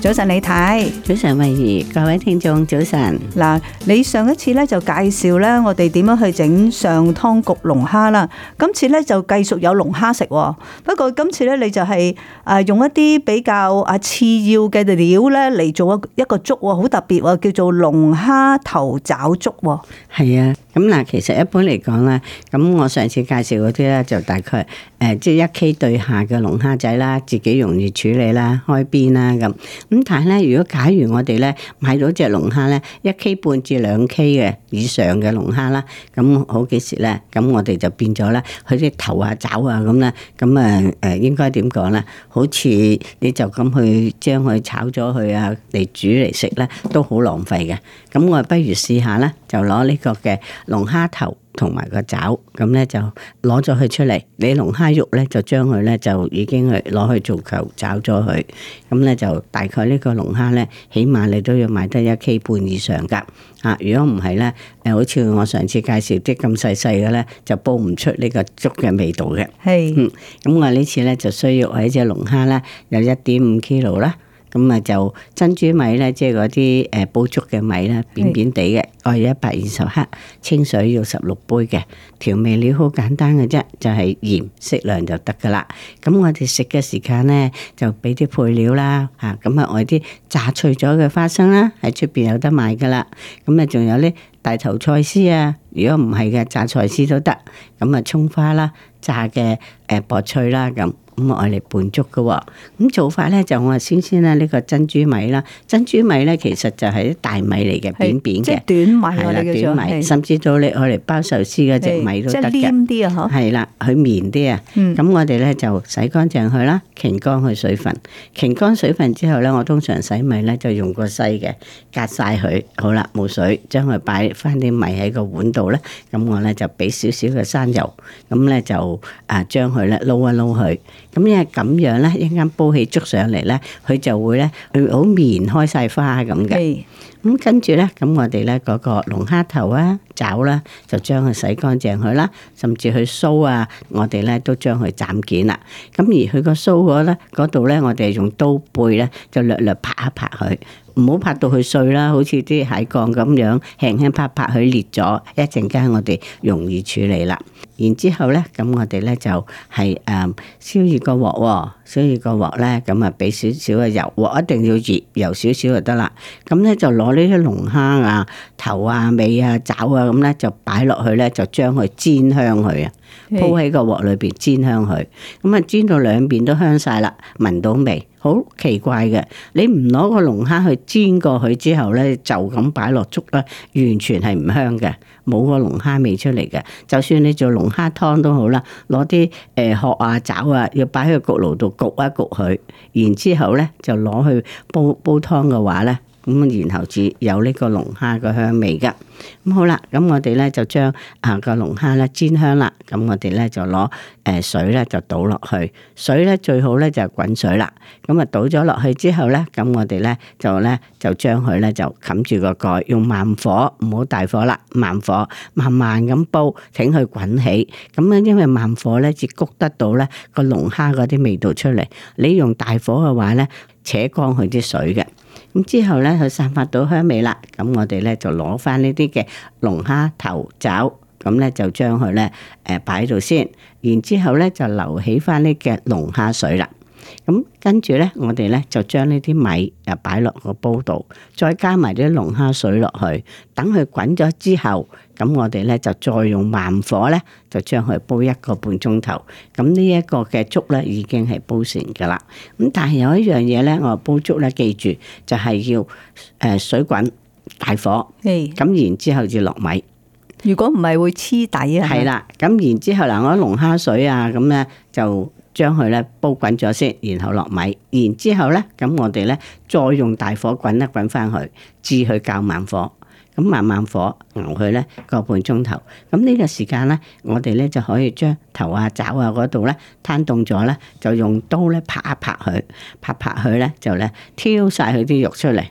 早晨，李太。早晨，惠儀。各位聽眾，早晨。嗱，你上一次咧就介紹咧，我哋點樣去整上湯焗龍蝦啦。今次咧就繼續有龍蝦食，不過今次咧你就係誒用一啲比較啊次要嘅料咧嚟做一個一個粥，好特別，叫做龍蝦頭爪粥。係啊。.咁嗱，其實一般嚟講咧，咁我上次介紹嗰啲咧，就大概誒即係一 K 對下嘅龍蝦仔啦，自己容易處理啦，開邊啦咁。咁但係咧，如果假如我哋咧買咗隻龍蝦咧一 K 半至兩 K 嘅以上嘅龍蝦啦，咁好幾時咧？咁我哋就變咗咧，佢啲頭啊、爪啊咁咧，咁啊誒應該點講咧？好似你就咁去將佢炒咗佢啊嚟煮嚟食咧，都好浪費嘅。咁我不如試下啦，就攞呢個嘅。龍蝦頭同埋個爪，咁咧就攞咗佢出嚟。你龍蝦肉咧就將佢咧就已經係，攞去做球爪咗佢，咁咧就大概個龍蝦呢個龍蝦咧，起碼你都要買得一 K 半以上噶。啊，如果唔係咧，誒，好似我上次介紹啲咁細細嘅咧，就煲唔出呢個粥嘅味道嘅。係 Hey.、嗯，咁我次呢次咧就需要喺呢隻龍蝦咧有一點五 Kilo 啦。咁啊就珍珠米咧，即係嗰啲誒煲粥嘅米啦，扁扁地嘅，我一百二十克，清水要十六杯嘅，調味料好簡單嘅啫，就係鹽適量就得噶啦。咁我哋食嘅時間咧，就俾啲配料啦，吓咁啊我啲炸脆咗嘅花生啦，喺出邊有得賣噶啦。咁啊仲有咧大頭菜絲啊，如果唔係嘅榨菜絲都得。咁啊蔥花啦，炸嘅誒薄脆啦咁。咁我嚟拌粥嘅，咁、哦、做法咧就我話先先啦。呢個珍珠米啦，珍珠米咧其實就係啲大米嚟嘅，扁扁嘅，短米係、啊、啦，的短米，的甚至到你我嚟包壽司嗰隻米都，得，即係黏啲啊，係啦，佢綿啲啊。咁、嗯、我哋咧就洗乾淨佢啦，擎乾佢水分，擎乾水分之後咧，我通常洗米咧就用個細嘅隔晒佢，好啦，冇水，將佢擺翻啲米喺個碗度咧，咁我咧就俾少少嘅生油，咁咧就誒將佢咧撈一撈佢。咁因為咁樣煲起粥上嚟咧，佢就會咧，佢好綿開曬花咁嘅。咁 Hey. 跟住呢，咁我哋咧嗰個龍蝦頭啊～爪啦，就將佢洗乾淨佢啦，甚至佢鬚啊，我哋咧都將佢斬件啦。咁而佢個鬚嗰咧度咧，我哋用刀背咧就略略拍一拍佢，唔好拍到佢碎啦，好似啲蟹殼咁樣輕輕拍拍佢裂咗，一陣間我哋容易處理啦。然之後咧，咁我哋咧就係誒燒熱個鑊喎，燒熱個鑊咧、哦，咁啊俾少少嘅油，鑊一定要熱，油少少就得啦。咁咧就攞呢啲龍蝦啊頭啊尾啊爪啊。爪啊咁咧就擺落去咧，就將佢煎香佢啊，鋪喺個鑊裏邊煎香佢。咁啊煎到兩邊都香晒啦，聞到味，好奇怪嘅。你唔攞個龍蝦去煎過佢之後咧，就咁擺落粥咧，完全係唔香嘅，冇個龍蝦味出嚟嘅。就算你做龍蝦湯都好啦，攞啲誒殼啊爪啊，要擺喺個焗爐度焗一焗佢，然之後咧就攞去煲煲湯嘅話咧。咁，然後至有呢個龍蝦嘅香味㗎，咁好啦。咁我哋咧就將啊個龍蝦咧煎香啦。咁我哋咧就攞誒水咧就倒落去，水咧最好咧就滾水啦。咁啊倒咗落去之後咧，咁我哋咧就咧就將佢咧就冚住個蓋，用慢火，唔好大火啦，慢火，慢慢咁煲，等佢滾起。咁樣，因為慢火咧至谷得到咧個龍蝦嗰啲味道出嚟。你用大火嘅話咧，扯乾佢啲水嘅。之後呢，佢散發到香味啦。咁我哋呢就攞翻呢啲嘅龍蝦頭爪，咁呢就將佢呢誒擺喺度先，然之後呢就留起翻呢嘅龍蝦水啦。咁跟住咧，我哋咧就將呢啲米又擺落個煲度，再加埋啲龍蝦水落去，等佢滾咗之後，咁我哋咧就再用慢火咧，就將佢煲一個半鐘頭。咁呢一個嘅粥咧已經係煲成㗎喇。咁但係有一樣嘢咧，我煲粥咧，記住就係、是、要誒水滾大火，咁 Hey. 然之後就落米。如果唔係會黐底啊。係啦，咁然之後嗱，我啲龍蝦水啊，咁咧就。將佢咧煲滾咗先，然後落米，然之後咧，咁我哋咧再用大火滾一滾翻佢，至去較慢火，咁慢慢火熬佢咧個半鐘頭。咁呢個時間咧，我哋咧就可以將頭啊、爪啊嗰度咧攤凍咗咧，就用刀咧拍一拍佢，拍拍佢咧就咧挑晒佢啲肉出嚟，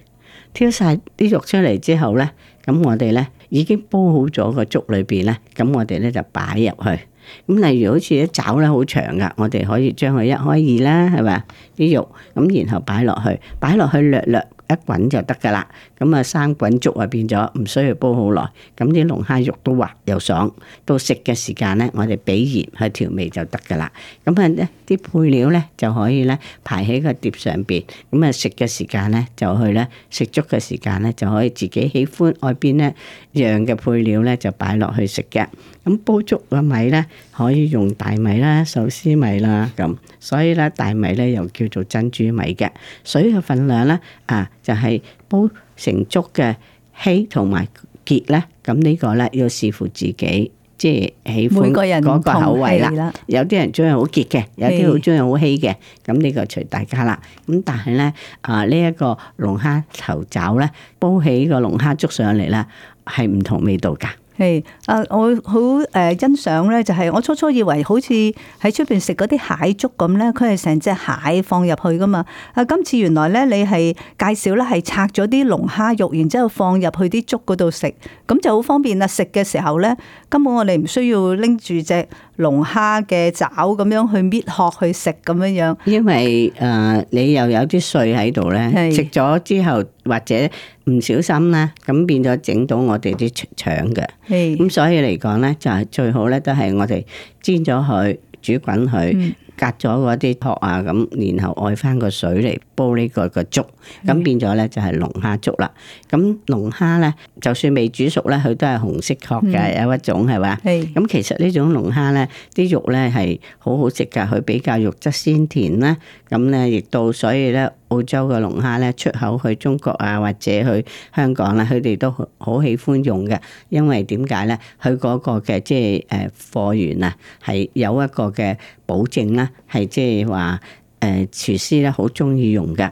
挑晒啲肉出嚟之後咧，咁我哋咧已經煲好咗個粥裏邊咧，咁我哋咧就擺入去。例如好似啲爪好長㗎，我哋可以將佢一開二啦，係咪？啲肉，咁然後擺落去，擺落去略略一滾就得㗎啦。咁啊，生滾粥啊，變咗唔需要煲好耐。咁啲龍蝦肉都滑又爽。到食嘅時間咧，我哋俾鹽去調味就得噶啦。咁啊，啲配料咧就可以咧排喺個碟上邊。咁啊，食嘅時間咧就去咧食粥嘅時間咧就可以自己喜歡外邊咧樣嘅配料咧就擺落去食嘅。咁煲粥嘅米咧可以用大米啦、壽司米啦咁。所以咧，大米咧又叫做珍珠米嘅。水嘅份量咧啊，就係、是。煲成粥嘅稀同埋結咧，咁呢個咧要視乎自己即係喜歡嗰個口味啦。有啲人中意好結嘅，有啲好中意好稀嘅。咁呢個隨大家啦。咁但係咧，啊呢一個龍蝦頭爪咧，煲起個龍蝦粥上嚟咧，係唔同味道噶。誒，啊，我好誒欣賞咧，就係、是、我初初以為好似喺出邊食嗰啲蟹粥咁咧，佢係成隻蟹放入去噶嘛。啊，今次原來咧你係介紹咧係拆咗啲龍蝦肉，然之後放入去啲粥嗰度食，咁就好方便啦。食嘅時候咧，根本我哋唔需要拎住隻龍蝦嘅爪咁樣去搣殼去食咁樣樣。因為誒我、呃，你又有啲碎喺度咧，食咗是之後。或者唔小心咧，咁變咗整到我哋啲腸嘅，咁的所以嚟講咧，就係、是、最好咧，都係我哋煎咗佢，煮滾佢。嗯。隔咗嗰啲殼啊，咁然後愛翻個水嚟煲呢個個粥，咁變咗咧就係龍蝦粥啦。咁龍蝦咧，就算未煮熟咧，佢都係紅色殼嘅，有一種係嘛？咁其實呢種龍蝦咧，啲肉咧係好好食噶，佢比較肉質鮮甜啦。咁咧亦都所以咧，澳洲嘅龍蝦咧出口去中國啊，或者去香港啦，佢哋都好喜歡用嘅，因為點解咧？佢嗰個嘅即係誒貨源啊，係有一個嘅保證啦。係即係話誒，廚師咧好中意用噶。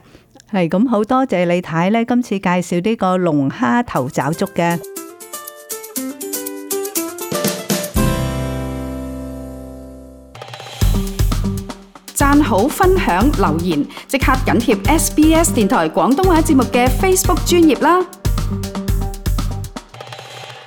係咁好多謝李太咧，今次介紹呢個龍蝦頭爪粥嘅。讚好分享留言，即刻緊貼 SBS 電台廣東話節目嘅 Facebook 專頁啦。